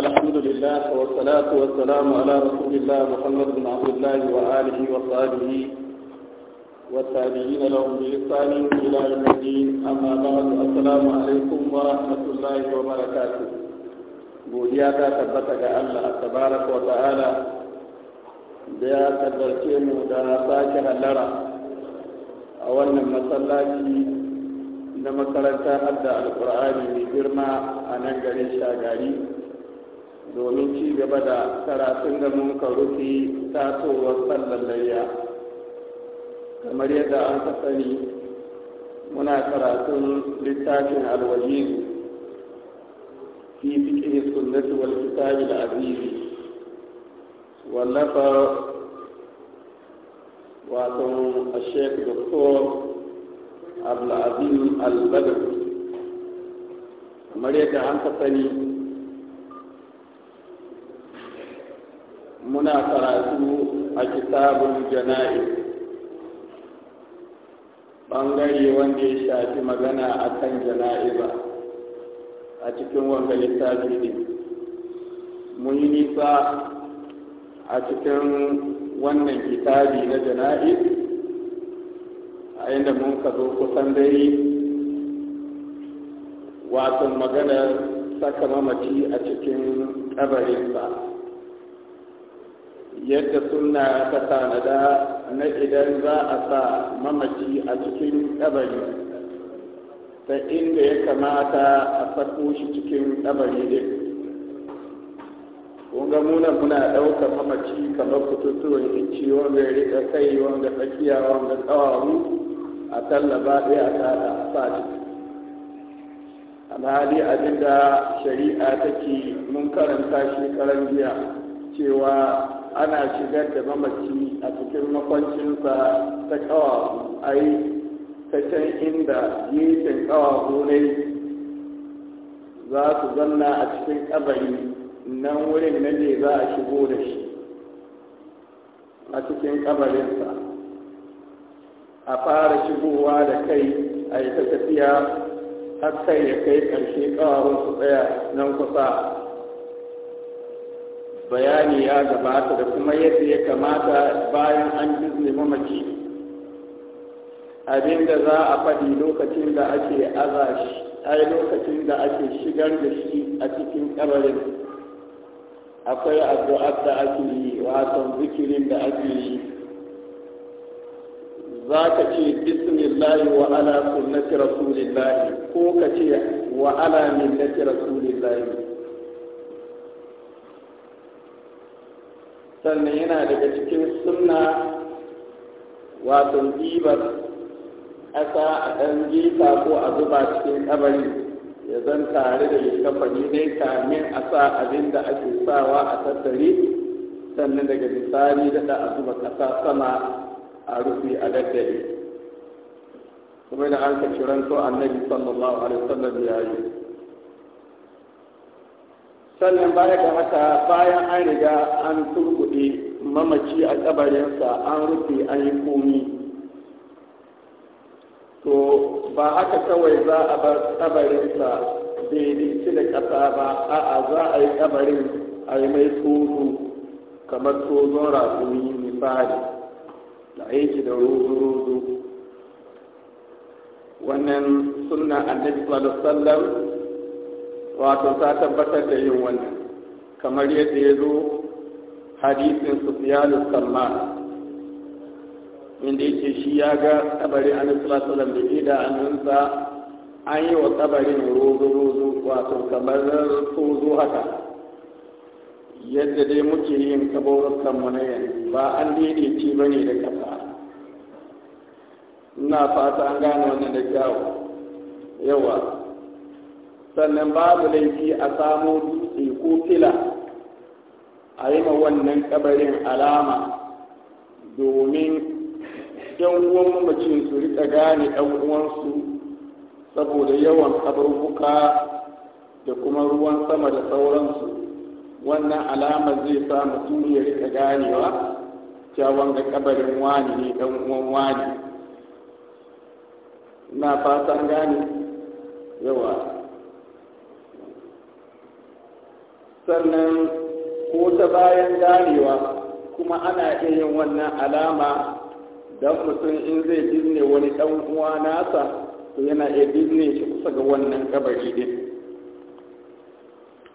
الحمد لله والصلاة والسلام على رسول الله محمد بن عبد الله وآله وصحبه والتابعين لهم بإحسان إلى يوم الدين أما بعد السلام عليكم ورحمة الله وبركاته godiya ta tabbata ga Allah tabaraka wa ta'ala da ya kaddarce mu da sake hallara a wannan masallaci na makaranta hadda alkur'ani mai girma a nan garin domin ci gaba da karatun da mun karufi tasowar sallar layya kamar yadda an ka sani muna karatun littafin alwajizu fi fiqh sunnati wal kitab al azizi wallafa wato al-sheikh doktor abdul azim al-badr kamar yadda an ka sani muna karatu a kitabun jana'i ɓangare wanda ya shafi magana a kan ba a cikin wanga littafi ne mun yi nisa a cikin wannan kitabi na jana'i a inda mun ka zo kusan dai wato maganar saka mamaci a cikin ba. yadda suna ta tanada na idan za a sa mamaci a cikin ɗabari ta inda ya kamata a sako shi cikin ɗabari ne. kun muna muna ɗauka mamaci kamar kututtuwan inci wanda ya riƙa kai wanda tsakiya wanda tsawaru a tallaba ɗaya a tsada a sa ciki abinda shari'a take mun karanta shekaran jiya cewa ana shigar da mamaci a cikin makwancinsa ta ƙawawu ai ta can inda gefen ƙawawu ne za su zanna a cikin kabari nan wurin na ne za a shigo da shi a cikin ƙabarinsa a fara shigowa da kai a yi ta tafiya har kai ya kai ƙarshe ƙawawun su tsaya nan kusa bayani ya gabata da kuma yadda ya kamata bayan an jizne mamaci abinda za a faɗi lokacin da ake aza shi ai lokacin da ake shigar da shi a cikin ƙabarin akwai addu'ar da ake yi wato zikirin da ake yi za ka ce bismillahi wa ala sunnati rasulillahi ko ka ce wa ala millati rasulillahi sannan yana daga cikin sunna wasan ɗibar ƙasa a ɗan gefa ko a zuba cikin ƙabari ya zan tare da likafani dai kamin a sa abin da ake sawa a tattare sannan daga misali daɗa a zuba ƙasa sama a rufe a daddare kuma da an kaci ranto annabi sallallahu alaihi wasallam ya yi sannan baya ga haka bayan an riga an turkuɗe mamaci a kabarinsa an rufe an yi komi to ba haka kawai za a bar kabarinsa daidaici da ƙasa ba a'a za a yi kabarin a yi mai tsoro kamar tsohon rasumi misali da aiki da rozo-rozo wannan sunna annabi sallallahu alaihi wasallam wato ta tabbatar da yin wannan kamar yadda ya zo hadisin sufiyanu salma inda yake shi ya ga tsabari a nufila salam da ida annunsa an yi wa tsabarin rozo-rozo wato kamar rozo haka yadda dai muke yin kabarukan mu na yanzu ba an daidaici ba ne da kafa ina fata an gane wannan da kyawu yawa sannan babu laifi a samo dutse ko fila a yi ma wannan kabarin alama domin yan uwan mamacin su rika gane ɗan uwansu saboda yawan kabarbuka da kuma ruwan sama da sauransu wannan alama zai sa mutum ya rika ganewa cewa ga kabarin wani ne ɗan uwan wani na fatan gane yawa sannan ko ta bayan ganewa kuma ana iya yin wannan alama don mutum in zai binne wani ɗan uwa nasa to yana iya binne shi kusa ga wannan kabari din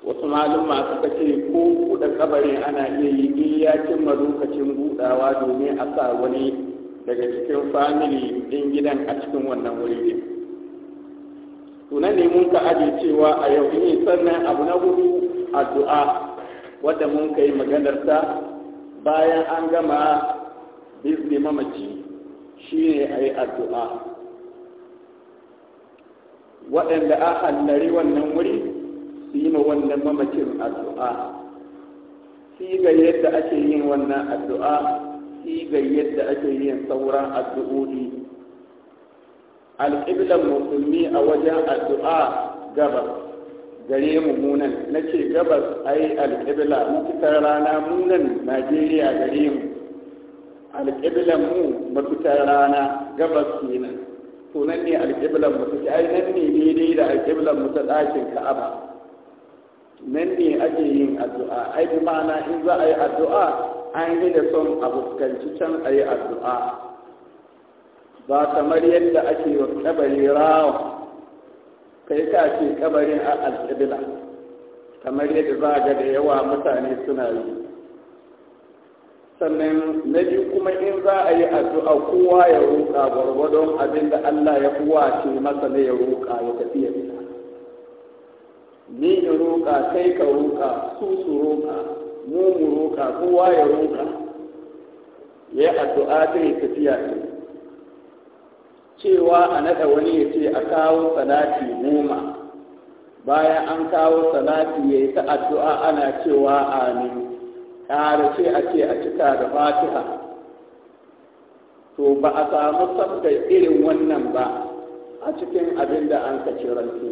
wasu malama suka ce ko buɗe kabarin ana iya yi in ya cimma lokacin buɗawa domin a sa wani daga cikin famili ɗin gidan a cikin wannan wuri ne tunan ne mun ka ajiye cewa a yau ne eh, sannan abu na hudu addu'a wadda mun kai maganar ta bayan an gama bizni mamaci shine ayi addu'a waɗanda a hannari wannan wuri su yi ma wannan mamacin addu'a ga yadda ake yin wannan addu'a ga yadda ake yin sauran addu'o'i Alƙiblan musulmi a wajen addu'a gabas gare mu munan na ce gabas ai alƙibla mafitar rana munan najeriya gare mu alƙiblan mu mafitar rana gabas kenan to nan ne alƙiblan mu take ai nan ne daidai da alƙiblan mu ta ɗakin ka'aba nan ne ake yin addu'a ai bi ma'ana in za a yi addu'a an yi da son a fuskanci can a yi addu'a ba kamar yadda ake wa kabari rawa kai ka ce kabarin a alƙibla kamar yadda za ga da yawa mutane suna yi sannan na biyu kuma in za a yi addu'a kowa ya roƙa gwargwadon abin da Allah ya ce masa ne ya roƙa ya tafi ya fita ni in roƙa kai ka roƙa su su roƙa mu mu roƙa kowa ya roƙa ya addu'a ta yi tafiya ce cewa a naɗa wani ya ce a kawo salati goma bayan an kawo salati ya yi ta addu'a ana cewa amin ƙara ce a ce a cika da fatiha to ba a samu sabta irin wannan ba a cikin abin da an kaci ranke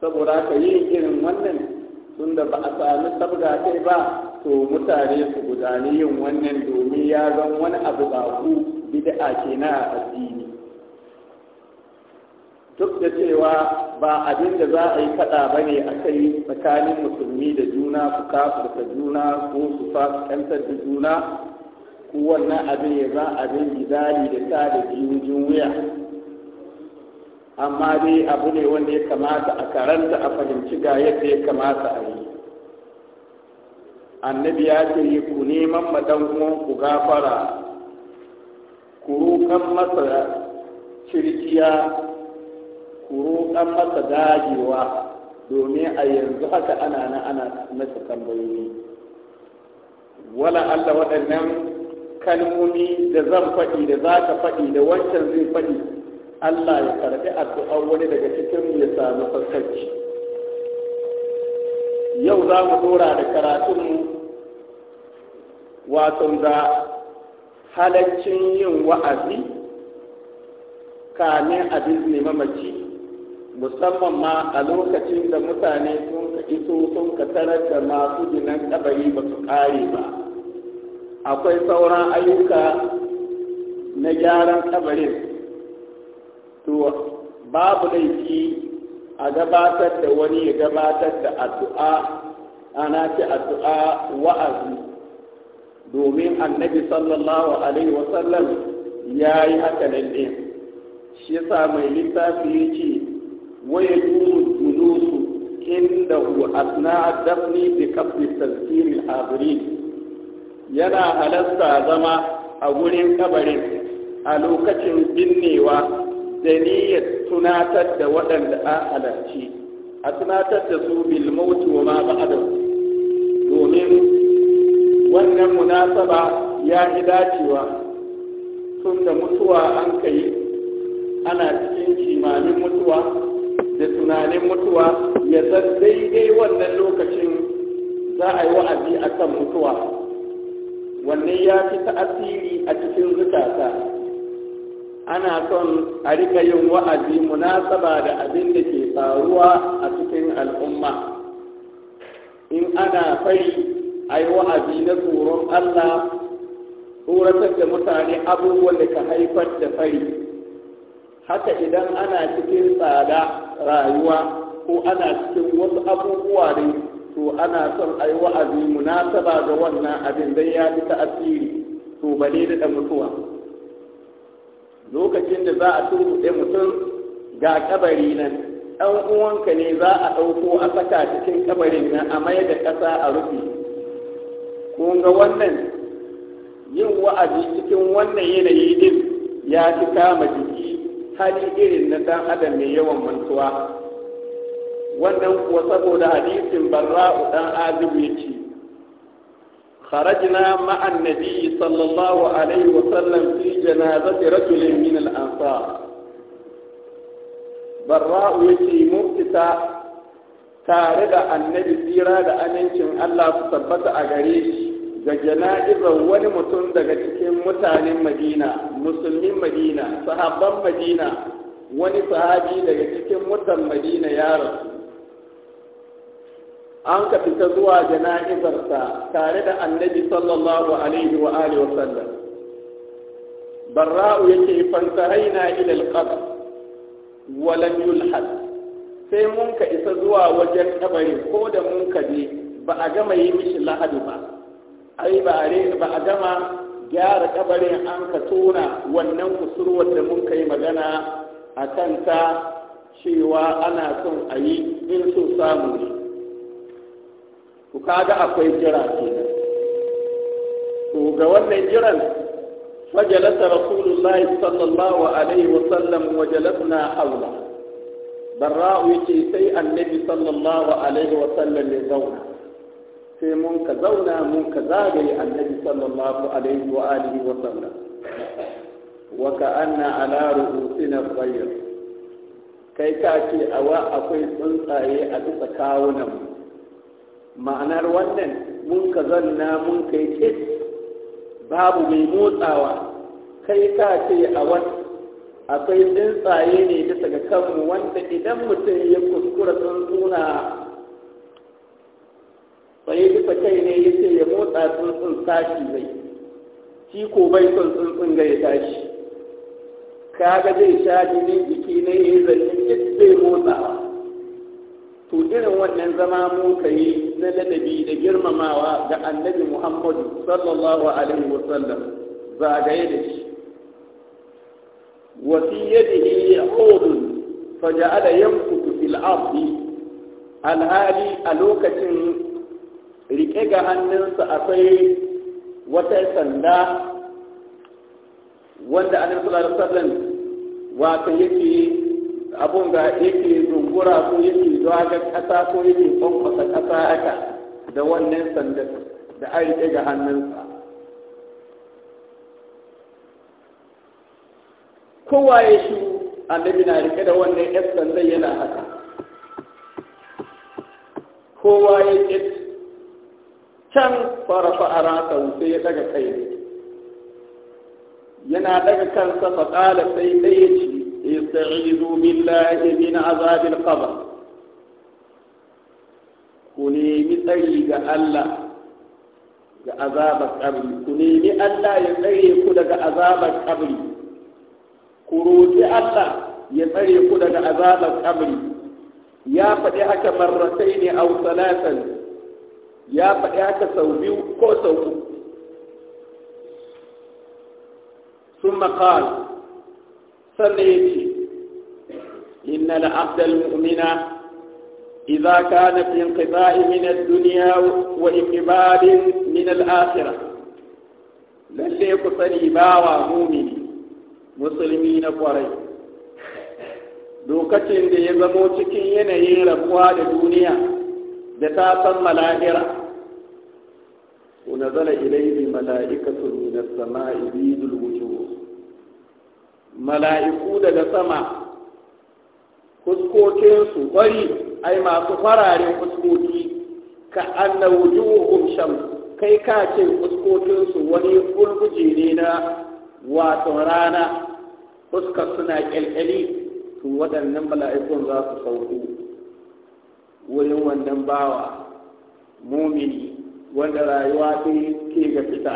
saboda ka yi irin wannan tun da ba a sami sabga kai ba to mutane su gudani yin wannan domin ya zan wani abu ba ku bid'a ke na addini duk da cewa ba abin da za a yi fada ba ne a kai tsakanin musulmi da juna su kafurta juna ko su fasikantar da juna ko wannan abin ya za abin gizali da ta da jiyujin wuya amma dai abu ne wanda ya kamata a karanta a fahimci ga yadda ya kamata a yi annabi ya ce ku neman madan uwan ku gafara Kuru kan masa cirkiya kuru kan masa dajewa domin a yanzu haka ana na ana masa tambayoyi wala Allah waɗannan kalmomi da zan faɗi da za ka faɗi da wancan zai faɗi Allah ya karɓi addu'ar wani daga cikin ya sami fasarci yau za mu dora da karatunmu wato da halaccin yin wa'azi kamin a bizne mamaci musamman ma a lokacin da mutane sun ka iso sun ka tarar da masu ginan kabari ba su kare ba akwai sauran ayyuka na gyaran kabarin to babu laifi a gabatar da wani ya gabatar da addu'a ana ce addu'a wa'azi domin annabi sallallahu alaihi wasallam ya yi haka nan ɗin shi sa mai littafi ya ce waya duru junusu inda hu asna dafni bi kafin tazkirin habirin yana halasta zama a wurin kabarin a lokacin binnewa da niyyar tunatar da waɗanda a halarci a tunatar da su bil mautu wa ma ba'dahu wannan munasaba ya yi dacewa tun da mutuwa an ka yi ana cikin kimanin mutuwa da tunanin mutuwa ya zan daidai wannan lokacin za a yi wa'azi a kan mutuwa wannan ya fi ta'asiri a cikin zukata ana son a rika yin wa'azi munasaba da abin da ke faruwa a cikin al'umma in ana fari ai wa'azi na tsoron Allah tsoratar da mutane abubuwan da ka haifar da fari haka idan ana cikin tsada rayuwa ko ana cikin wasu abubuwa ne to ana son ai wa'azi munasaba ga wannan abin dan ya fi ta'asiri to ne da mutuwa lokacin da za a turbuɗe mutum ga kabari nan ɗan uwanka ne za a ɗauko a saka cikin kabarin nan a mai da ƙasa a rufe kun ga wannan yin wa'azi cikin wannan yanayi din ya fi kama jiki hali irin na ɗan adam mai yawan mantuwa wannan kuwa saboda hadisin barra'u dan azibu yace خرجنا مع النبي صلى الله عليه وسلم في جنازة رجل من الأنصار براء يتي fita. tare da annabi tsira da amincin Allah su tabbata a gare shi ga jana'izar wani mutum daga cikin mutanen madina musulmin madina sahabban madina wani sahabi daga cikin mutan madina ya rasu an ka fita zuwa jana'izarsa tare da annabi sallallahu alaihi wa alihi wa sallam barra'u yake fantahaina ila al wa lam yulhad sai mun ka isa zuwa wajen kabari ko da mun ka je ba a gama yi mishi lahadi ba ai ba a ba a gama gyara kabarin an ka tona wannan kusurwar da mun ka yi magana a kanta cewa ana son a yi in so samu ne ku kaga akwai jira kenan to ga wannan jiran fajalasa rasulullahi sallallahu alaihi wasallam wajalasna haula barra'u ce sai annabi sallallahu alaihi wa sallam ya zauna sai mun ka zauna mun ka zagaye annabi sallallahu alaihi wa alihi wa sallam wa anna ala ru'usina bayr kai ka ce awa akwai tsuntsaye a bisa kawunan mu ma'anar wannan mun ka zanna mun kai ke? babu mai motsawa kai ka ce a wata akwai tsintsaye ne bisa ga kanmu wanda idan mutum ya kuskura tsuntsuna sai bisa kai ne ya ce ya motsa tsuntsun tashi bai shi ko bai son tsuntsun ga ya tashi kaga zai sha jinin jiki ne ya yi duk zai motsa? to irin wannan zama mun yi na ladabi da girmamawa ga annabi muhammadu sallallahu alaihi wasallam zagaye da shi وفي يده عود فجعل يمكث في الأرض الهالي ألوكة ركيك أنس أصي وتسندى wanda annabi sallallahu alaihi wasallam wato yake abun da yake zungura ko yake ga kasa ko yake kwankwasa kasa haka da wannan sanda da ai ga hannunsa kowa ya shi annabi na rike da wannan yan zai yana haka kowa ya ƙi can farafa a rasa sai ya daga kai ne yana daga kansa faƙala sai ɗaya ce ya استعيذ بالله na azabin القبر ku nemi tsari ga Allah ga azabar kabri ku nemi Allah ya tsare ku daga azabar kabri ku roƙi Allah ya tsare ku daga azabar kabri ya faɗi haka marratai ne a salatan ya faɗi haka sau biyu ko sau uku sun maƙal sannan ya ce inna la'abdal mu'mina إذا كان في انقطاع من الدنيا وإقبال من الآخرة للي قصري باوى مؤمن musulmi na kwarai lokacin da ya zamo cikin yanayin rabuwa da duniya da ta san mala'ira Kuna zana ilaihi mala'ikatu min as-sama'i bidul wujuh mala'iku daga sama fuskokinsu bari ai masu fararen kuskoki ka anna wujuhum shams kai ka ce fuskokinsu wani fulguje ne na wato rana fuskar suna kyalkyali to waɗannan mala'ikun za su sauko wurin wannan bawa mumini wanda rayuwa yi ke ga fita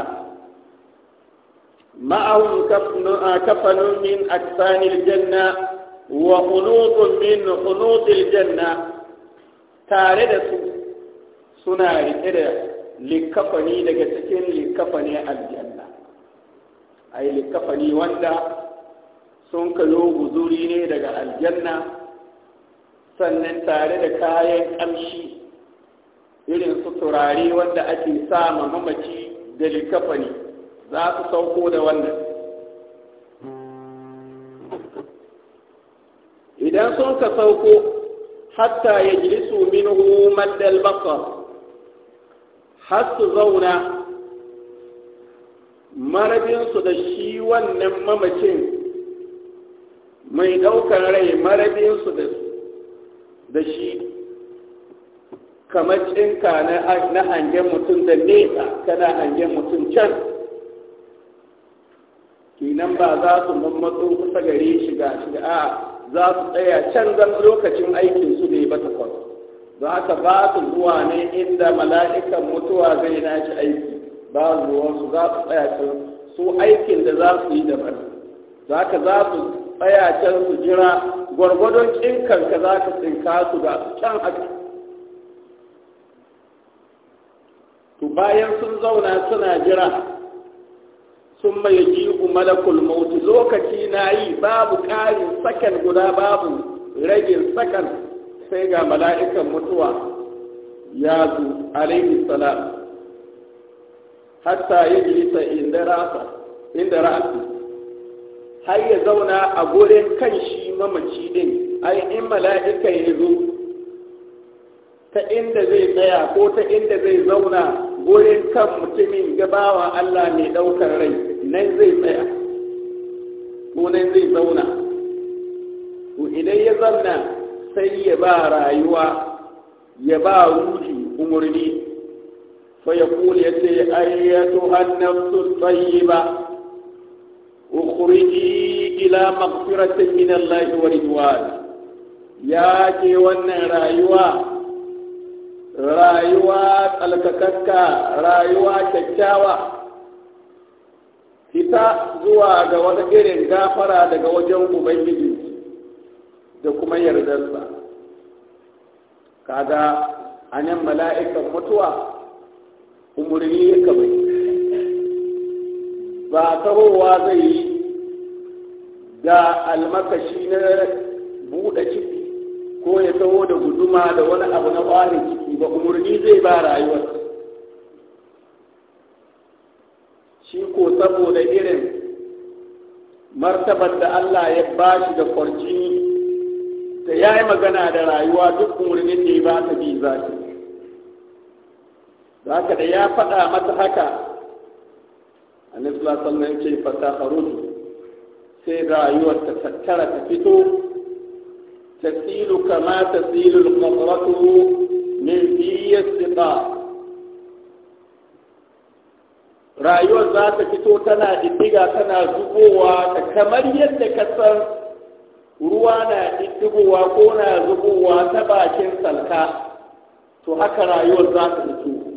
ma'aun kafanun min aksanil janna wa qunutun min qunutil janna tare da su suna riƙe da likafani daga cikin likafani aljanna ai likafani wanda sun kalo guzuri ne daga aljanna sannan tare da kayan ƙamshi irin su turare wanda ake sa ma mamaci da likafani za su sauko da wannan idan sun ka sauko hatta ya jirisu minhu maddal har su zauna marabinsu da shi wannan mamacin mai ɗaukar rai marabinsu da shi kamar cinka na hangen mutum da nesa kana hangen mutum can kinan ba za su mammatsu kusa gare shi ga shi a za su tsaya can zan lokacin aikinsu su ne ba takwas za ka ba su zuwa ne inda mala'ikan mutuwa zai shi aiki ba ruwansu za su tsaya can su aikin da za su yi daban za ka za su tsaya can su jira gwargwadon ka za ka tsinka su ga can haka to bayan sun zauna suna jira sun mai ji umalakul mauti lokaci na yi babu ƙarin sakan guda babu ragin sakan sai ga mala'ikan mutuwa ya zu alaihi salam hatta yajlisa inda rasa inda ra'si har ya zauna a gurin kan shi mamaci din ai in mala'ika ya zo ta inda zai tsaya ko ta inda zai zauna gurin kan mutumin gabawa Allah mai ɗaukar rai nan zai tsaya ko nan zai zauna ko idan ya zauna sai ya ba rayuwa ya ba ruhi umarni فيقول يتي أيتها النفس الطيبة أخرجي إلى مغفرة من الله ورضوان يا كي ون رايوا رايوا تلكككا رايوا ككاوا kita zuwa ga wata irin gafara daga wajen ubangiji da kuma yardarsa kaga a nan mala'ikan mutuwa umarni ya kamai ba tahowa zai yi da almakashi na buɗe ciki ko ya taho da guduma da wani abu na ƙwarin ciki ba umarni zai ba rayuwar shi ko saboda irin martabar da Allah ya ba shi da kwarci da ya yi magana da rayuwa duk umarnin da ya ba ta bi za haka da ya faɗa mata haka a sallallahu alaihi wasallam ce fata kharuju sai rayuwar ta tattara ta fito tasilu kama tasilu al-qatratu min su ba. rayuwar za ta fito tana diddiga tana zubowa ta kamar yadda ka san ruwa na diddigowa ko na zubowa ta bakin salka to haka rayuwar za ta fito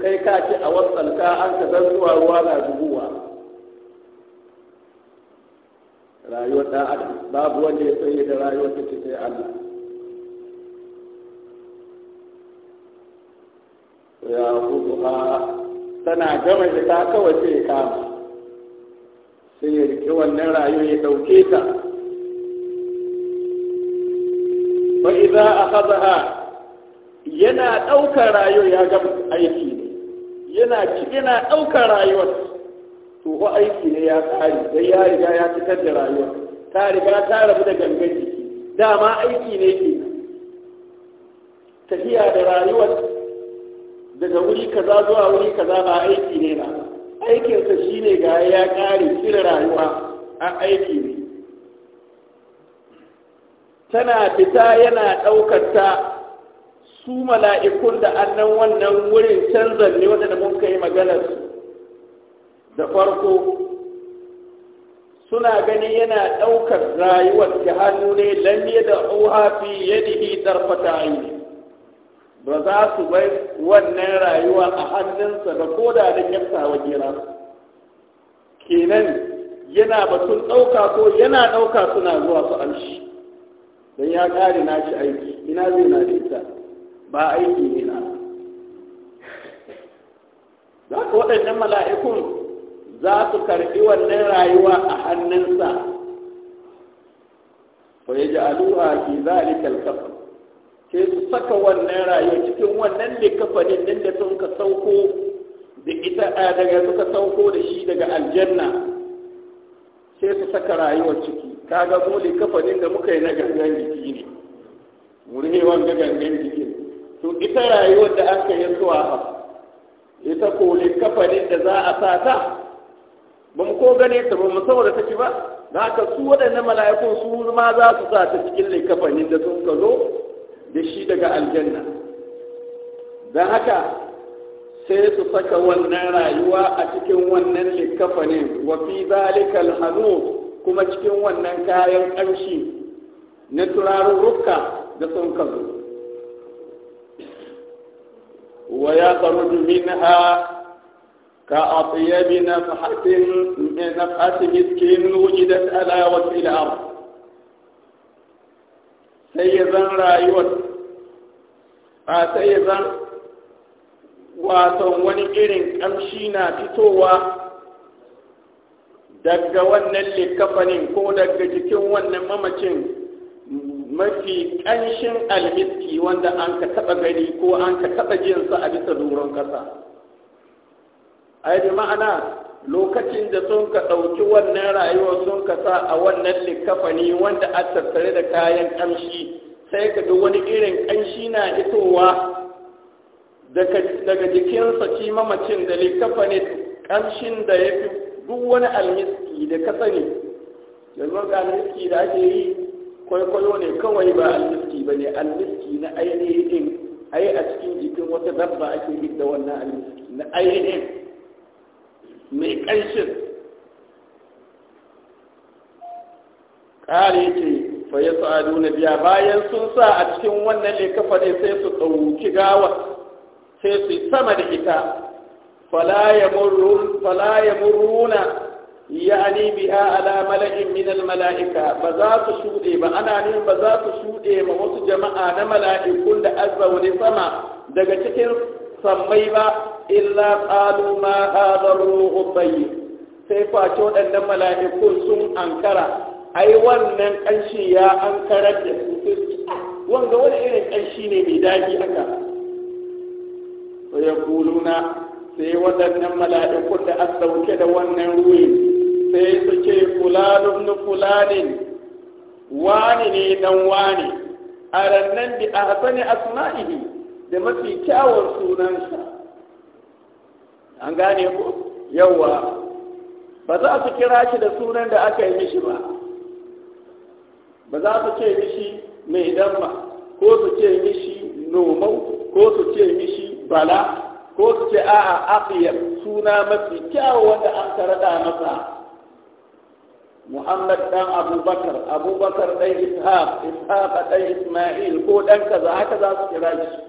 kai ka ce a wasanka an ka zan zuwa ruwa na zubuwa rayuwar ɗan adam babu wanda ya sanya da rayuwar ta ce sai Allah ya hudu ha tana gama ta kawai ya kama sai ya riƙe wannan rayuwa ya ɗauke ta fa idza akhadha yana ɗaukar rayuwar ya gama aiki ne yana yana ɗaukar rayuwar to ko aiki ne ya tsari Zai ya riga ya fitar da rayuwar ta riga ta rabu da gangan jiki dama aiki ne ke tafiya da rayuwar daga wuri kaza zuwa wuri kaza ba aiki ne ba aikinsa ne ga ya ƙare cire rayuwa a aiki ne tana fita yana ɗaukar ta su mala'ikun da annan wannan wurin canza ne waɗanda mun kai maganar da farko suna gani yana ɗaukar rayuwar ta hannu ne lamye da oha fi yadihi tarfata yi ba za su bai wannan rayuwa a hannunsa da ko da kyafta wa gira kenan yana batun ɗauka ko yana ɗauka suna zuwa su amshi don ya ƙari na shi aiki ina zai na ita ba aiki ne na za ka waɗannan mala'ikun za su karɓi wannan rayuwa a hannunsa ko ya ji aluwa fi zalikal kafa sai su saka wannan rayuwa cikin wannan likafanin din da sun ka sauko da ita daga suka sauko da shi daga aljanna sai su saka rayuwar ciki kaga mu likafanin da muka yi na gangan jiki ne murhewan ga gangan jiki to ita rayuwar da aka yi zuwa ita koli kafanin da za a sa ta ba mu ko gane ta ba mu saboda take ba da haka su waɗannan mala'ikun su ma za su sa ta cikin likafanin da sun ka zo da shi daga aljanna da haka sai su saka wannan rayuwa a cikin wannan likafanin wa fi zalikal hanu kuma cikin wannan kayan ƙamshi na turarurruka da sun ka ويخرج منها كأطيب نفحة نفحة مسك وجدت على وجه الأرض سيدا رايوة سيدا wasan wani irin ƙamshi na fitowa daga wannan likafanin ko daga jikin wannan mamacin mafi ƙanshin almiski wanda an ka taɓa gani ko an ka taɓa jinsa a bisa doron ƙasa a yi ma'ana lokacin da sun ka ɗauki wannan rayuwar sun ka sa a wannan likafani wanda a tattare da kayan ƙamshi sai ka ga wani irin ƙanshi na hitowa daga jikinsa ci mamacin da likafani ƙamshin da ya fi duk wani almiski da ka sani yanzu ga almiski da ake yi kwaikwayo ne kawai ba almiski ba ne almiski na ainihin yi a cikin jikin wata dabba ake yi da wannan almiski na ainihin mai ƙanshin ƙari ce fa ya sa'adu na biya bayan sun sa a cikin wannan kafa ne sai su ɗauki gawa sai su yi sama da ita fala ya muruna yani biya ala mala'in mala'ika ba za su ana nan ba za su shuɗe ma wasu jama'a na mala'ikun da azza sama daga cikin sammai ba illa qalu ma sai fa ce waɗannan mala'ikun sun ankara ai wannan ƙanshi ya ankara da su wanga wani irin ƙanshi ne mai daɗi aka. sai ya kuluna sai waɗannan mala'ikun da aka da wannan ruwa sai su ce fulanun na fulanin wani ne dan wani a rannan bi a hasani asma'ihi da mafi kyawun sunansa an gane ku Yawwa. ba za su kira shi da sunan da aka yi mishi ba ba za su ce mishi mai damma ko su ce mishi nomau ko su ce mishi bala ko su ce a'a afiyar suna mafi kyawun wanda an karada masa muhammad dan abubakar abubakar dan ishaq ishaq dan isma'il ko dan kaza haka za su kira shi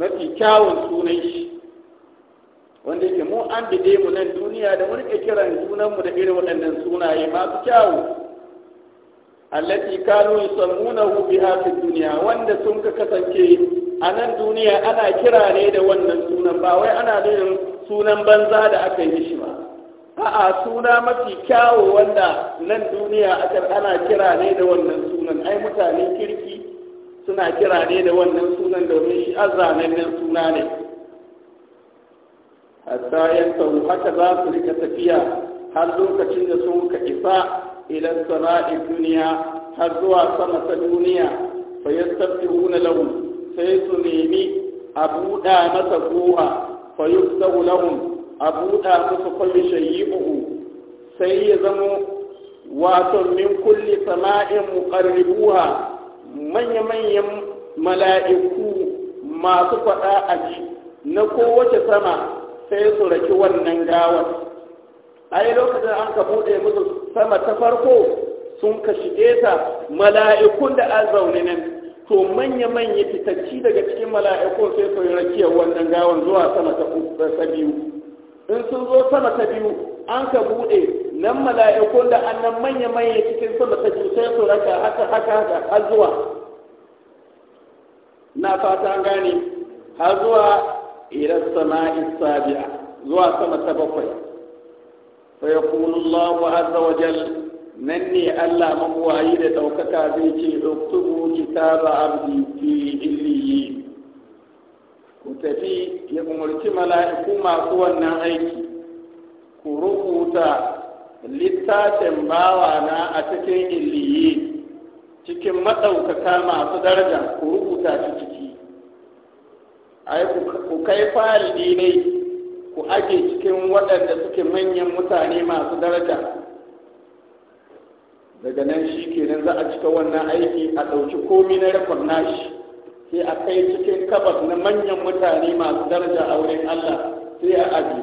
mafi kyawun sunan shi wanda yake mu an bide mu nan duniya da mu rike kiran sunanmu da irin waɗannan sunaye masu kyawu allati kanu yusammunahu biha fi dunya wanda sun ka kasance a nan duniya ana kira ne da wannan sunan ba wai ana nufin sunan banza da aka yi shi ba a'a suna mafi kyawo wanda nan duniya akan ana kira ne da wannan sunan ai mutanen kirki suna kira ne da wannan sunan domin shi azanannen suna ne A tsayen sau haka za su rika tafiya har lokacin da sun ka isa idan sana'in duniya har zuwa sama ta duniya fa yastabihuna lahum sai su nemi a buɗa masa goha fa yusahu a buɗa musu kulli shayyi'uhu sai ya zamo wato min kulli sama'in muqarribuha manya-manyan mala'iku masu faɗa a ji na kowace sama sai su raki wannan gawar ai lokacin an ka buɗe musu sama ta farko sun ka shige ta mala'ikun da an zaune nan to manya-manya fitacci daga cikin mala'ikun sai su rakiya wannan gawar zuwa sama ta biyu in sun zo sama ta biyu an ka bude nan mala'ikun da annan manya manya cikin sama ta biyu sai su raka haka haka haka har zuwa na fata an gane har zuwa ila sama'i sabi'a zuwa sama ta bakwai fa yaqulu Allahu azza wa jal nan ne Allah mabuwayi da ɗaukaka zai ce uktubu kitaba abdi fi illiyi ku tafi ya umarci mala'iku masu wannan aiki ku rubuta littafin bawa na a cikin iliyi cikin maɗaukaka masu daraja ku rubuta shi ciki ai ku kai fari ne ku ake cikin waɗanda suke manyan mutane masu daraja daga nan shi kenan za a cika wannan aiki a ɗauki komi na rikon nashi sai a kai cikin kabas na manyan mutane masu daraja a wurin Allah sai a aji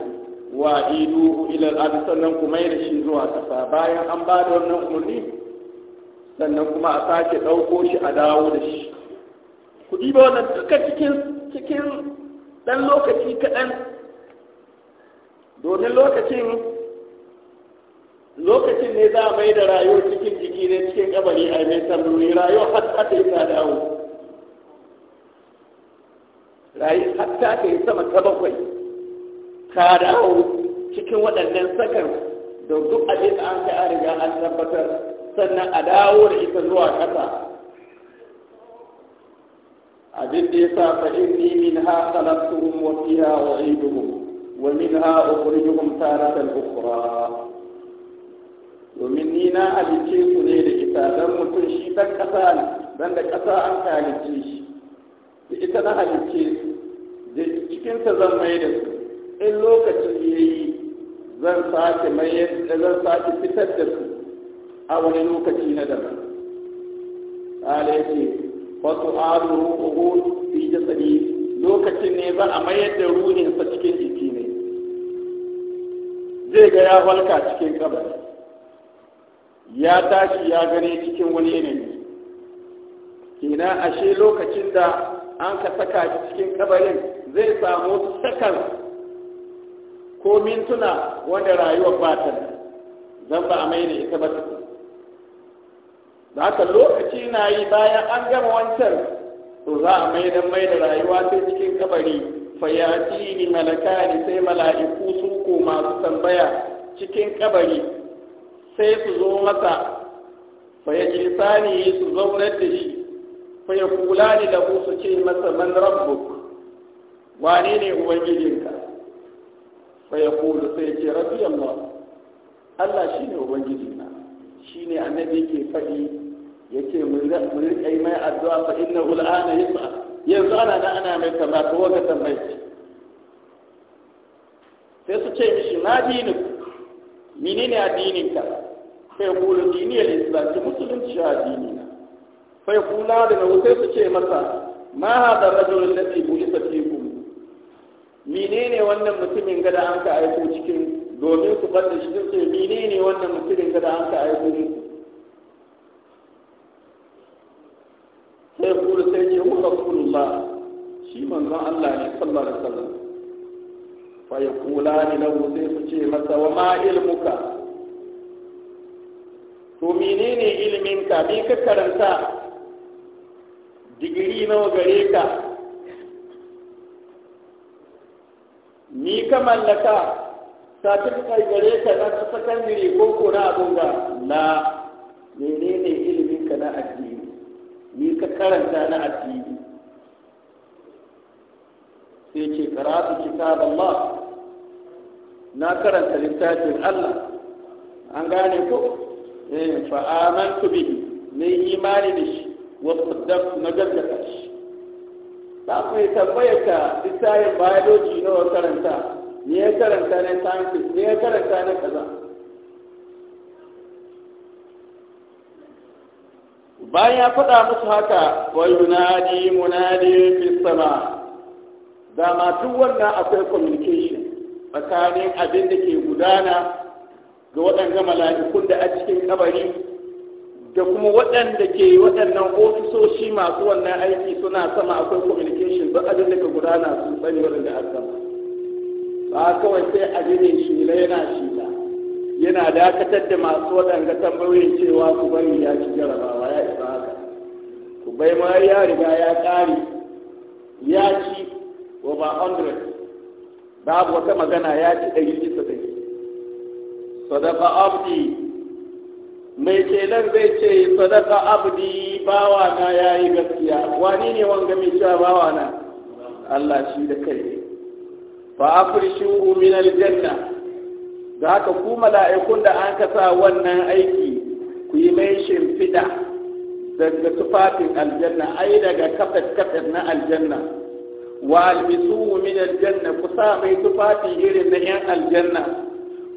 wa idu ilal ardi sannan kuma yi da shi zuwa kasa bayan an ba da wannan umarni sannan kuma a sake ɗauko shi a dawo da shi kuɗi ba wannan duka cikin cikin ɗan lokaci kaɗan domin lokacin lokacin ne za a mai da rayuwar cikin jiki ne cikin kabari a mai tambayoyi rayuwar har ta dawo rayu hatta ka yi sama ta bakwai ka dawo cikin waɗannan sakar da duk abin da an kai an riga an tabbatar sannan a dawo da ita zuwa ƙasa abin da ya sa fa inni min ha khalaqtuhum wa fiha u'iduhum wa minha ukhrijuhum taratan ukhra domin ni na halice ku ne da ita don mutum shi ɗan ƙasa ne don da ƙasa an halice shi da ita na halice su da cikinta zan mai da su in lokacin ya yi zan sake mai da zan sake fitar da su a wani lokaci na daban ala ce wasu aru ruhu fi jasadi lokacin ne za a mayar da ruhinsa cikin jiki ne zai ga ya halka cikin kabar ya tashi ya gane cikin wani yanayi kina ashe lokacin da an ka saka shi cikin kabarin zai samu sakan ko mintuna wanda rayuwar ba ta zan ba a mai ne ita ba ta da haka lokaci na yi bayan an gama wancan to za a mai da mai da rayuwa sai cikin kabari malaka ne sai mala'iku sun koma su tambaya cikin kabari sai su zo masa sani su zaunar da shi fa da ku su ce masa man rabbuk wane ne ubangijinka fa yaqulu sai ce rabbi allah allah shine ubangijina shine annabi yake faɗi yake mun rika mai addu'a fa innahu ana yas'a yanzu ana da ana mai tambaya ko ga tambayi sai su ce mishi ma dinin menene addininka sai kula dini al-islam ki musulunci dini na fa kula da na wuce su ce masa ma hada rajul alladhi bulisa fikum menene wannan mutumin gada an ka aiko cikin domin su bar da shi sun ce menene wannan mutumin gada an ka aiko ne? sai kula sai ce mu rasulullah shi manzon Allah ne sallallahu alaihi wasallam fa yaqula ni lahu sai su ce masa wa ma ilmuka to menene ilmin ka ka karanta digiri nawa gare ka ni ka mallaka satifikar gare ka na sakandare ko ko na abin ga na ne ilimin ka na addini ni ka karanta na addini sai ce karatu kitab Allah na karanta littafin Allah an gane ko eh fa amantu bihi ne imani da shi wasaddaq na gaggata shi za ku yi tambaya ta littafin biology nawa karanta ne ya karanta na sciences ne ya karanta na kaza bayan ya faɗa musu haka wa yunadi munadi fi sama da ma duk wannan akwai communication tsakanin abin da ke gudana ga waɗanda mala'ikun da a cikin kabari da kuma waɗanda ke waɗannan ofisoshi masu wannan aiki suna sama akwai communication duk abin da ka gudana su sani waɗanda da aka ba kawai sai a gane shi na yana shila yana dakatar da masu waɗanda tambayoyin cewa ku bari ya ci jarabawa ya isa haka ku bai ma ya riga ya ƙare ya ci wa ba 100 babu wata magana ya ci ɗari kisa ɗari sadaka abdi mai kenan zai ce sadaka abdi bawa na yi gaskiya wani ne wanga mai cewa bawa na Allah shi da kai fa afrishu min aljanna da haka ku mala'ikun da an kasa wannan aiki ku yi mai shimfiɗa daga tufafin aljanna ai daga kafet kafet na aljanna wa albisu min aljanna ku sa mai tufafi irin na yan aljanna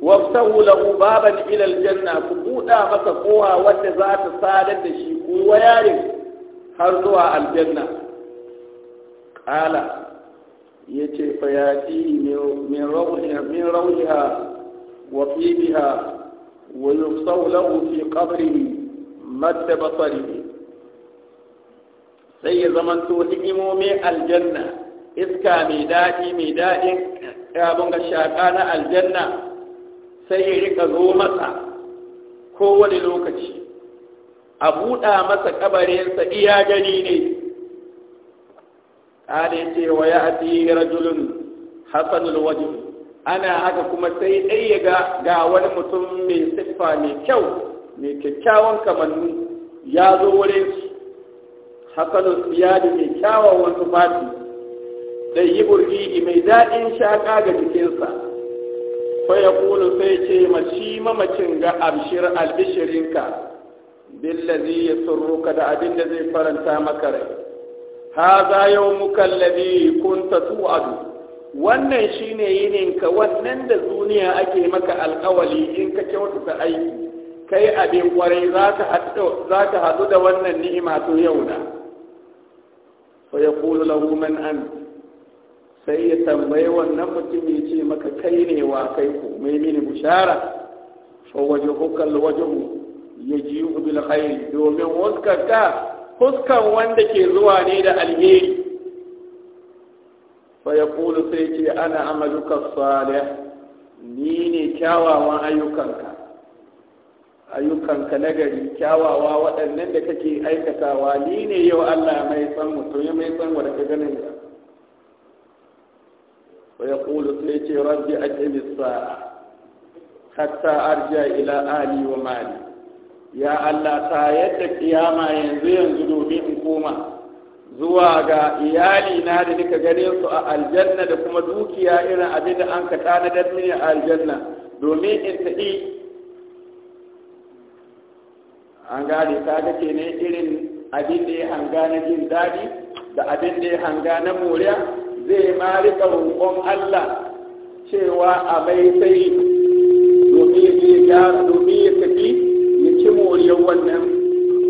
waftahu lahu baban ila aljanna ku buɗa masa kowa wanda za ta sadar da shi ko yarin har zuwa aljanna qala yace fa yati min rawhiha min rawhiha wa fi biha wa yufsahu lahu fi qabrihi madda basarihi sai ya zamanto mai aljanna iska mai daɗi mai daɗin eh, abin ga shaƙa na aljanna sai ya rika zo masa kowane lokaci a buɗa masa kabarinsa iya gani ne ƙare ce wa ya ati rajulun hasanul waje ana haka kuma sai ɗaya ga ga wani mutum mai siffa mai kyau mai kyakkyawan kamannu ya zo wurin hasanul siyadi mai kyawawan tufafi ɗai yi burgi mai daɗin shaƙa ga jikinsa fa kulu sai ce ma shi mamacin ga abshir albishirinka billazi ya surruka da abin da zai faranta maka rai za yau mukallabi kunta tu'adu wannan shine yininka wannan da duniya ake maka alkawali in ka kyautata aiki kai abin kwarai za ka haɗu da wannan ni'ima to yau na fa kulu lahu man anta sai ya tambaye wannan mutum ya ce maka kai ne wa kai ku mai mini bushara fa waje hukal mu ya ji bil khairi domin huskarka huskan wanda ke zuwa ne da alheri fa ya kulu sai ce ana amaluka salih ni ne kyawawan ayyukanka ayyukanka nagari. kyawawa waɗannan da kake aikatawa ni ne yau Allah mai san mutum ya mai san wa da ka ganin wa ya ƙulu sai ce rabbi a sa'a hatta arja ila ali wa mali ya Allah ta yadda kiyama yanzu yanzu domin in koma zuwa ga iyali na da nika gare a aljanna da kuma dukiya irin abin an ka tanadar mini a aljanna domin in taɗi an gane ta ga kenan irin abin da ya hanga na jin daɗi da abin ya hanga na moriya zai ma rika Allah cewa a mai sai domin zai ga domin ya tafi ya ci moriyar wannan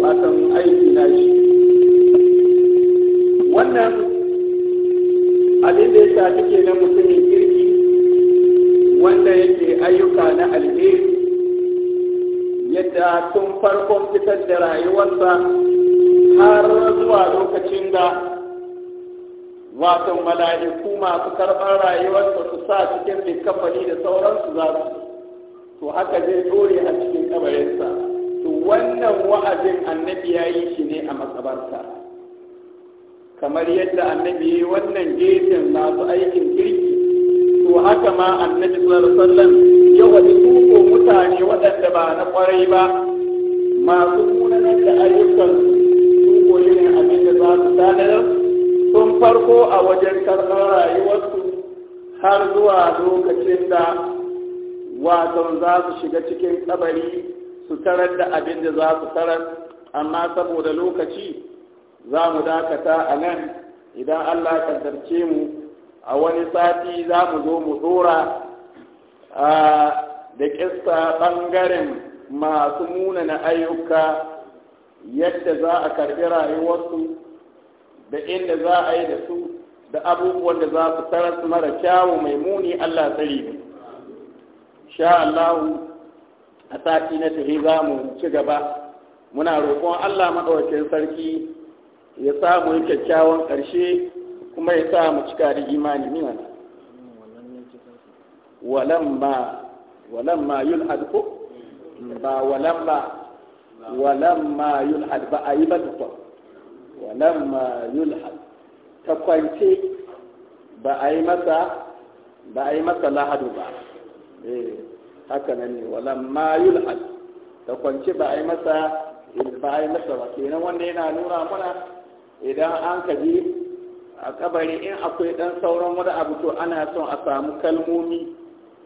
watan aiki na shi wannan abin da ya shafi na mutumin kirki wanda yake ayyuka na alheri yadda tun farkon fitar da rayuwarsa har zuwa lokacin da wato mala'iku masu karɓar rayuwarsa su sa cikin likafani da sauransu za su to haka zai dore a cikin kabarinsa to wannan wa'azin annabi ya yi shi ne a matsabarta kamar yadda annabi ya yi wannan gefen masu aikin kirki to haka ma annabi sallallahu ya wani tuko mutane waɗanda ba na ƙwarai ba masu munanan da ayyukan su ko abin da za su tanadar tun farko a wajen karɓar rayuwarsu har zuwa lokacin da wasan za su shiga cikin kabari su tarar da abin da za su tarar amma saboda lokaci za mu dakata a nan idan allah kaddarce mu a wani sati za mu zo mu dora da ƙista ɓangaren masu munana ayyuka yadda za a karɓi rayuwarsu da inda za a yi da su da abubuwan da za su su mara kyawu mai muni Allah tsari ne sha Allah a sati na tafi za mu ci gaba muna roƙon Allah maɗaukakin sarki ya sa mu yi kyakkyawan ƙarshe kuma ya sa mu cika da imani ni wannan ba ma ba ma ba yi ba walamma yulhaq ta kwance ba a yi masa ba a yi masa lahadu ba eh haka nan ne walamma yulhaq ta kwance ba a yi masa ba a yi masa ba kenan wanda yana nuna mana idan an kaji a kabari in akwai dan sauran wani abu to ana son a samu kalmomi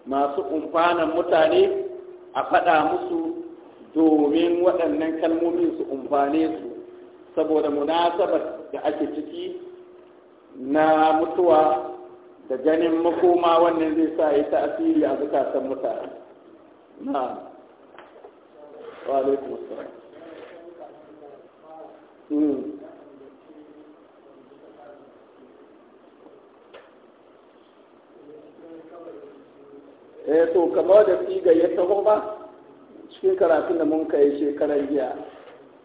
masu umfanan mutane a faɗa musu domin waɗannan kalmomin su umfane su saboda munasabar da ake ciki na mutuwa da ganin makoma wannan zai sa yi ta'asiri a zukatan mutane na wa hmm. eh to kamar da siga ya taho ba cikin karatun da mun kai shekarar jiya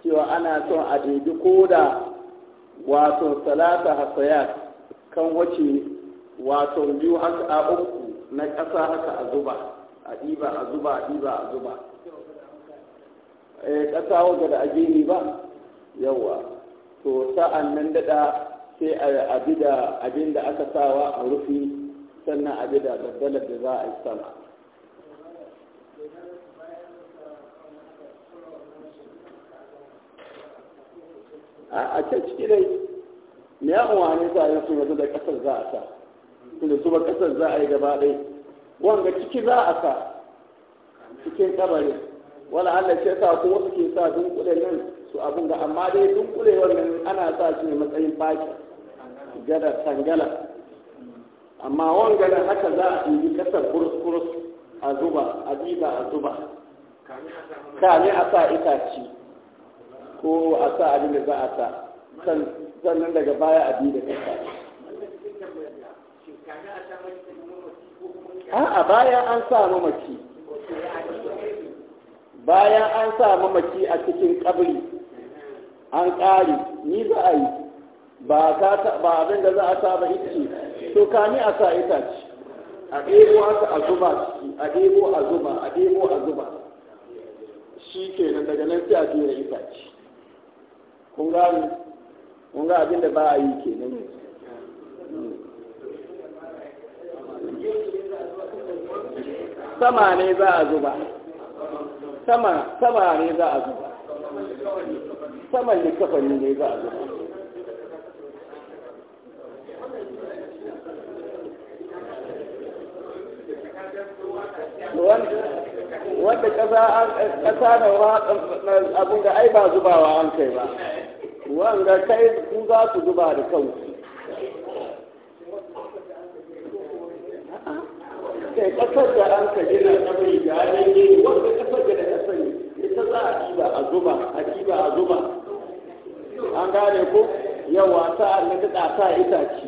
cewa ana son a dubi da wato salata hasayat kan wace wato biyu haka uku na ƙasa haka a zuba a ɗiba a zuba a ɗiba a zuba eh, ƙasa waje da agini ba yawa to sa'an nan daɗa sai a bi da abin da aka sawa a rufi sannan a bi da daddalar da za a yi sama a ce ciki dai me ya ne sa yin sun yanzu da ƙasar za a sa tunda su ba ƙasar za a yi gaba ɗai wanda ciki za a sa cikin kabari wala Allah ce sa ko wasu ke sa dunkule nan su abun da amma dai dunkule wannan ana sa shi ne matsayin baki gada tangala amma wanga da haka za a yi ƙasar kurus-kurus a zuba a diba a zuba kame a sa itaci ko a sa abin da za a sa sannan daga baya a bi da kasa a'a bayan an sa mamaki bayan an sa mamaki a cikin kabri an ƙari ni za a yi ba abin da za a sa ba ita to kani a sa ita ce a ɗebo aka a zuba ciki a ɗebo a zuba a ɗebo a zuba shi nan daga nan sai a jera ce. kun gani kun ga abin da ba a yi kenan sama ne za a zuba sama sama ne za a zuba saman likafani ne za a zuba wadda ƙasa na abin da ai ba zubawa an kai ba wanga kai ku za su zuba da kanku kai kasar da an ka gina kamar da an yi wanda kasar da ka sani ita za a kiba a zuba a kiba a zuba an gane ko yawa ta an da ta itaci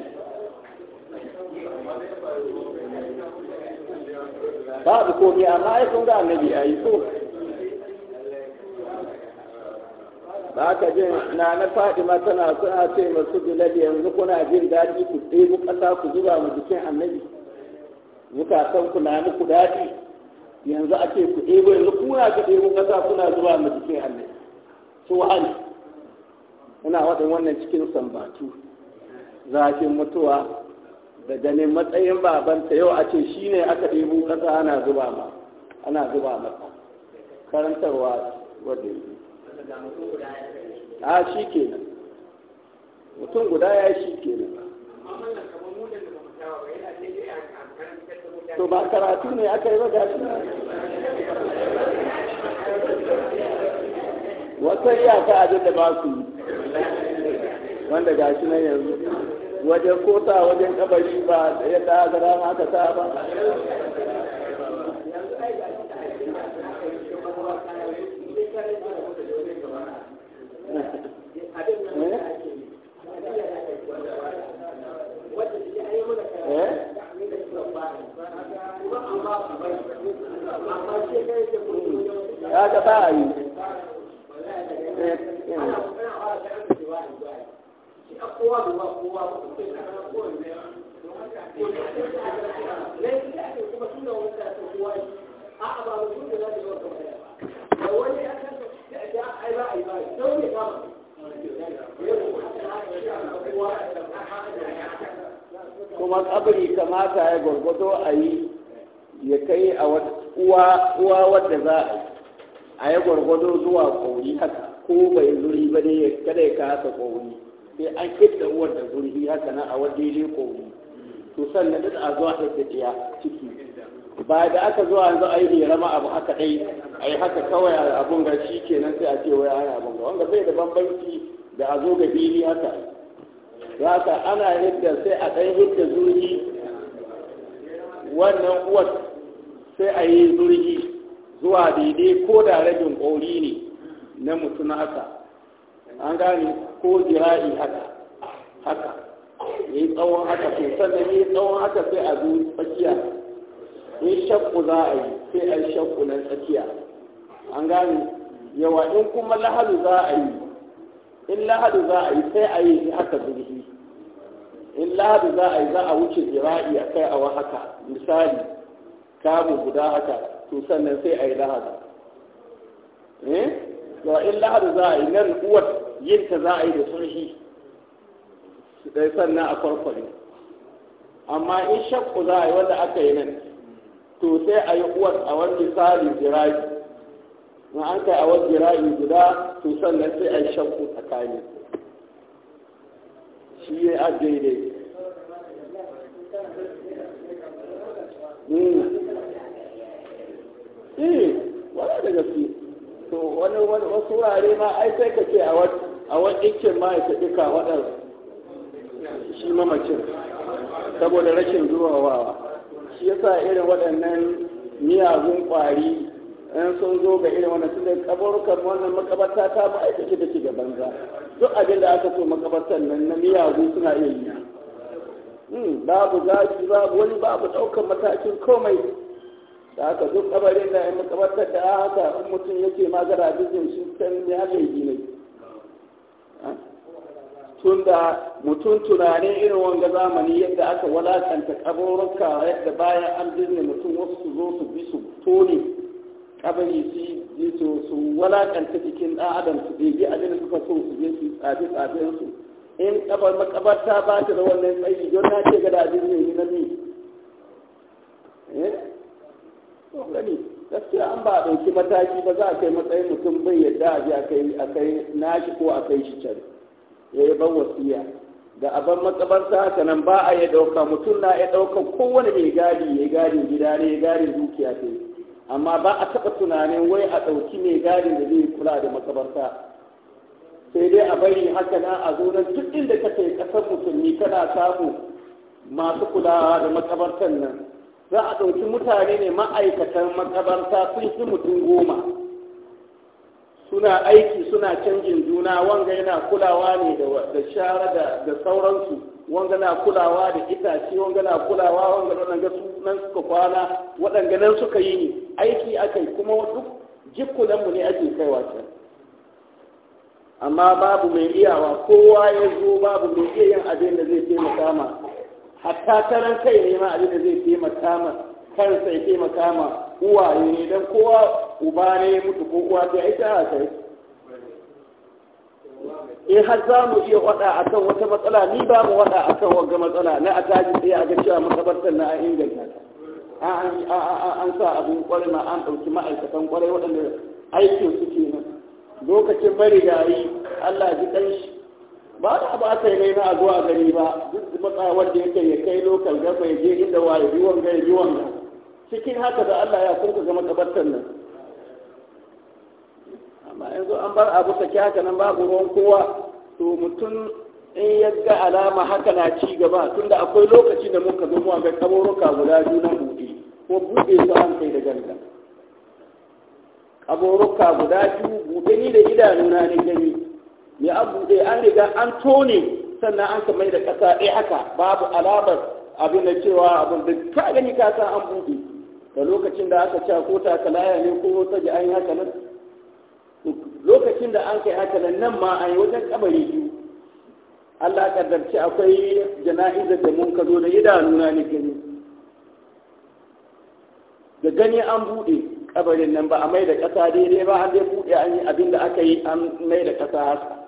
babu komai amma ai sun ga annabi yi ko ba ka jin na na fadima tana suna ce masu bilal yanzu kuna jin daɗi ku ɗebo ƙasa ku zuba mu jikin annabi zukatan ku na muku daɗi yanzu ake ku ɗebo yanzu kuna ka ɗebo ƙasa kuna zuba mu jikin annabi su wa'ani ina waɗin wannan cikin sambatu zafin mutuwa da ganin matsayin babanta yau a ce shi ne aka ɗebo ƙasa ana zuba ma ana zuba masa karantarwa wadda a shi ke nan mutum guda ya shi ke nan to ba karatu ne aka yi ba gashi wata iyaka abin da ba su wanda gashi nan yanzu wajen kota wajen kabari ba da yadda aka rama aka ta ba haka ba a yi a ba mutum da za ta yi wata wani da wani ya kanta kuma kabari kamata ya gwargwado a yi ya kai a uwa wadda za a yi a gwargwado zuwa kauri haka ko bai zuri ba ne kada ya kasa kauri sai an kitta uwar da zurfi haka na a wadda yi kauri to sannan duk a zuwa da ciki ba da aka zuwa yanzu yi rama abu haka ɗaya. a yi haka kawai abun ga shi ke nan sai a ce wai ana abun ga wanda bai da bambanci da a zo ga fili haka ka ana yadda sai a ɗan yadda zurgi wannan uwar sai a yi zurgi zuwa daidai ko da rabin ƙori ne na mutum haka an gane ko jira'i haka haka ya yi tsawon haka to sannan ya yi tsawon haka sai a zo tsakiya in shakku za a yi sai a yi shakku nan tsakiya an gane yawa in kuma lahalu za a yi in lahadu za a yi sai a yi haka zurfi in lahadu za a yi za a wuce jira'i a kai awa haka misali kamu guda haka to sannan sai a yi lahadu eh in lahadu za a yi nan uwar yinta za a yi da zurfi dai sannan a kwarkwari amma in shakku za a yi wanda aka yi nan to sai a yi uwar a wani misali jira'i in an kai a wajen ra'ayi guda to sannan sai a yi shakku tsakani shi ya a daidai eh hmm. hmm. wani da gaske to wani wasu wurare ma ai sai ka ce a wani ikin ma ya tafi ka waɗansu shi mamacin saboda rashin wawa shi yasa irin waɗannan miyagun ƙwari in sun zo ga irin wannan tun da kabarukan wannan makabarta ta ba ita ce take gaban banza duk abin da aka so makabartan nan na miyagu suna iya yi hmm, babu zaki babu wani babu ɗaukar matakin komai da aka duk kabarin da in makabartar da aka in mutum yake magara bijin shi san ya haka yi ne tun da mutum tunanin irin wanga zamani yadda aka walakanta kaburuka yadda bayan an birne mutum wasu su zo su bi su tone kabari su yi so su walakanta jikin ɗan adam su bebe abin da suka so su je su tsafi tsafinsu su in kabar makabarta ba ta da wannan tsayi don na ce gada abin ne na ni eh? gani gaskiya an ba a ɗauki mataki ba za a kai matsayin mutum bai yadda a je a kai na shi nashi ko a kai shi can ya yi ban wasiya da aban makabarta haka nan ba a ya ɗauka mutum na ya ɗauka kowane mai gadi ya gadi gida ne ya gadi dukiya ta yi amma ba a taɓa tunanin wai a ɗauki mai gari da zai kula da makabarta sai dai a bari haka na a zo nan duk inda ka kai ƙasar musulmi kana samu masu kulawa da makabartan nan za a ɗauki mutane ne ma'aikatan makabarta sun fi mutum goma suna aiki suna canjin juna wanga yana kulawa ne da shara da sauransu wanga na kulawa da itace wanga na kulawa wanga nan ga su nan suka kwana waɗanga nan suka yi ne aiki yi kuma duk jikunanmu ne ake kai can amma babu mai iyawa kowa ya zo babu mai iya yin abin da zai taimaka ma hatta karan kai ne ma abin da zai taimaka ma kansa ya taimaka ma uwaye ne don kowa uba ne mutu ko uwa ta ita a kai in har za mu iya wada a kan wata matsala ni ba mu wada a kan wata matsala na a taji sai a ga cewa makabartar na a inganta ta an sa abin kwarai ma an ɗauki ma'aikatan kwarai waɗanda aikin su ke nan lokacin da yi allah ji ɗan shi ba da abu aka yi raina a zuwa gari ba duk matsawar da yake ya kai lokal gaba ya je inda waye bi wanga ya bi cikin haka da allah ya kurka ga makabartar nan amma yanzu an bar abu sake haka nan babu ruwan kowa to mutum in ya ga alama haka na ci gaba tunda akwai lokaci da muka zo muka ga kaburuka guda biyu na buɗe ko buɗe su an kai da ganga kaburuka guda biyu buɗe ni da na ne gani ya an buɗe an riga an tone sannan an kamar da ƙasa ɗaya haka babu alamar abin da cewa abin da ka gani ka san an buɗe da lokacin da aka ce ko takalaya ne ko ta ji an yi haka nan lokacin da an kai haka nan nan ma an yi wajen kabari biyu Allah kaddarci akwai jana'izar da mun zo da idanuna ne gani da gani an buɗe kabarin nan ba a mai da ƙasa daidai ba an dai buɗe an yi abin da aka yi an mai da ƙasa haka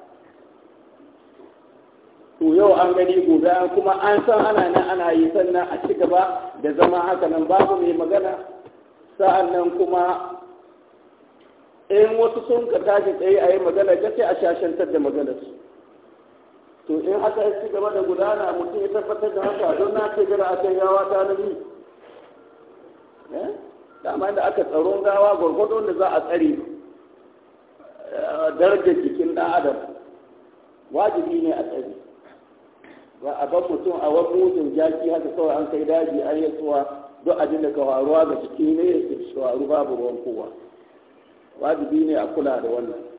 to yau an gani gobe an kuma an san ana nan ana yi sannan a ci gaba da zama haka nan babu mai magana sa'an nan kuma in wasu sun ka tashi tsaye a yi magana sai a shashantar da maganarsu to in haka ya ci gaba da gudana mutum ya tabbatar da haka don na ce gara a kai gawa ta nabi eh? dama da aka tsaron gawa gwargwadon da za a tsare eh, darajar jikin ɗan adam wajibi ne a tsare ba a ban mutum a wani mutum jaki haka kawai an kai daji an yi tsuwa duk abin da ka waruwa ga jiki ne ya shawaru babu ruwan kowa wajibi ne a kula da wannan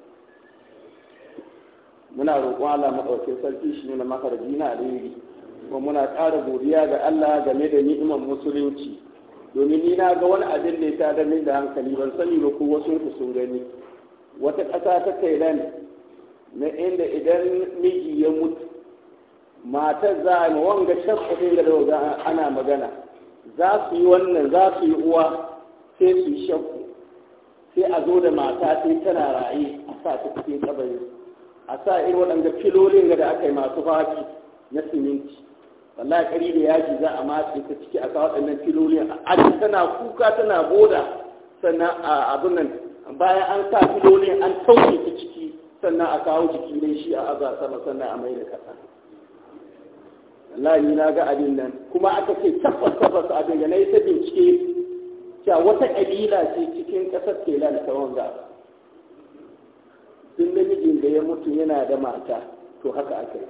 muna roƙon Allah maɗaukin sarki shi ne na makarbi na alheri kuma muna ƙara godiya ga Allah game da ni'imar musulunci domin ni na ga wani abin da ya ta dame da hankali ban sani ba ko wasu ku sun gani wata ƙasa ta Thailand na inda idan miji ya mutu matar za a wanga shakku ɗin da daga ana magana za su yi wannan za su yi uwa sai su yi shakku sai a zo da mata sai tana raye a sa ta cikin kabarin a sa irin waɗanda filolin ga da aka yi masu baki na siminti wallahi kari da yaji za a matse ta ciki a kawo waɗannan filolin a aji tana kuka tana boda sannan a abin nan bayan an sa filolin an tauke ta ciki sannan a kawo jiki ne shi a aza sama sannan a mai da kasa wallahi na ga abin nan kuma aka ce tabbas tabbas abin da na yi ta bincike cewa wata ƙabila ce cikin ƙasar telan ta wanga duk namijin da ya mutu yana da mata to haka aka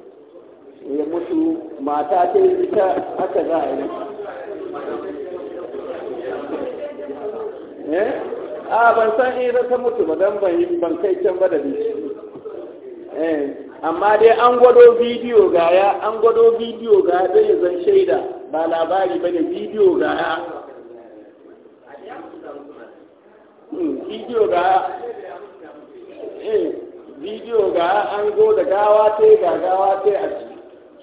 yi ya mutu mata ta yi ita haka za a yi eh a ban san in ta mutu ba don ban ban kai can ba da bishi eh, amma dai an gwado bidiyo ga ya an gwado bidiyo ga zai zan shaida ba labari ba ne, bidiyo ga ya hmm, bidiyo ga eh bidiyo ga an go da gawa ta ga gawa ta a ciki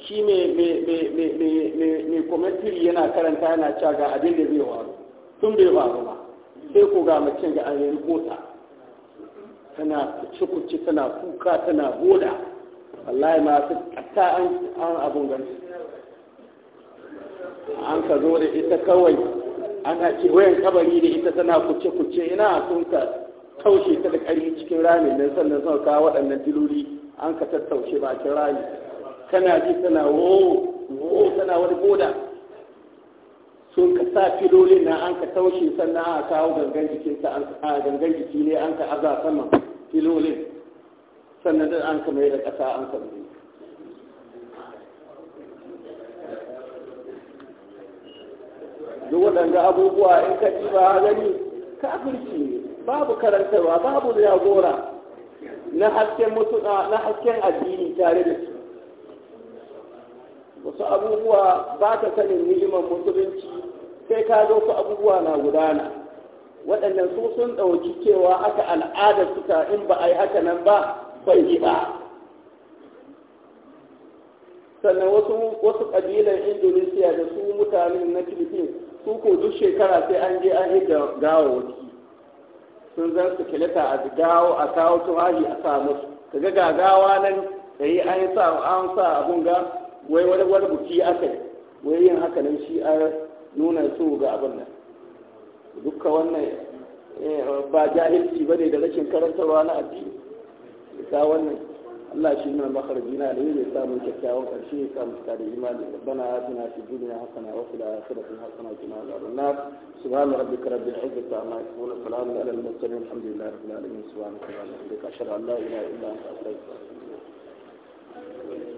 shi mai kwamitiri yana karanta yana cewa ga abin da zai waro tun bai waro ba sai ko ga mace ga an yi kota tana kuce-kuce tana kuka tana boda wallahi ma su ta an abun gani an ka zo da ita kawai ana wayan kabari da ita tana kuce-kuce ina sun ka taushe ta da ƙarfi cikin rami nan sannan suka kawo waɗannan diluri an ka tattaushe bakin rami kana ji tana wo wo tana wani boda sun ka sa filolin na an ka taushe sannan a kawo gangan jikinsa a gangan jiki ne an ka aza saman filolin sannan da an ka mai da ƙasa an ka mai duk waɗanda abubuwa in ka ci ba gani kafirci ne babu karantarwa babu jagora na hasken mutuna na hasken addini tare da su wasu abubuwa ba ta sanin muhimman musulunci sai ka zo su abubuwa na gudana waɗannan su sun ɗauki cewa aka al'adar suka in ba a yi haka nan ba bai yi ba sannan wasu wasu ƙabilan indonesiya da su mutanen na filifin su ko duk shekara sai an je an yi gawawaki sun zan su kilita a gawo a kawo tuhahi a sa musu ga gagawa nan da yi an sa an sa abun ga wai wani wani buki aka yi wai yin haka nan shi a nuna su ga abin nan dukka wannan eh, ba jahilci ba ne da rashin karantarwa na addini ga wannan الله شيء من مخرجنا له يسام الكتاب وكرشي كم كان إيمان ربنا آتنا في الدنيا حقنا وفي الآخرة حقنا وفي النار النار سبحان ربك رب العزة عما يصفون السلام على المرسلين الحمد لله رب العالمين سبحانك اللهم وبحمدك أشهد أن لا إله إلا أنت أستغفرك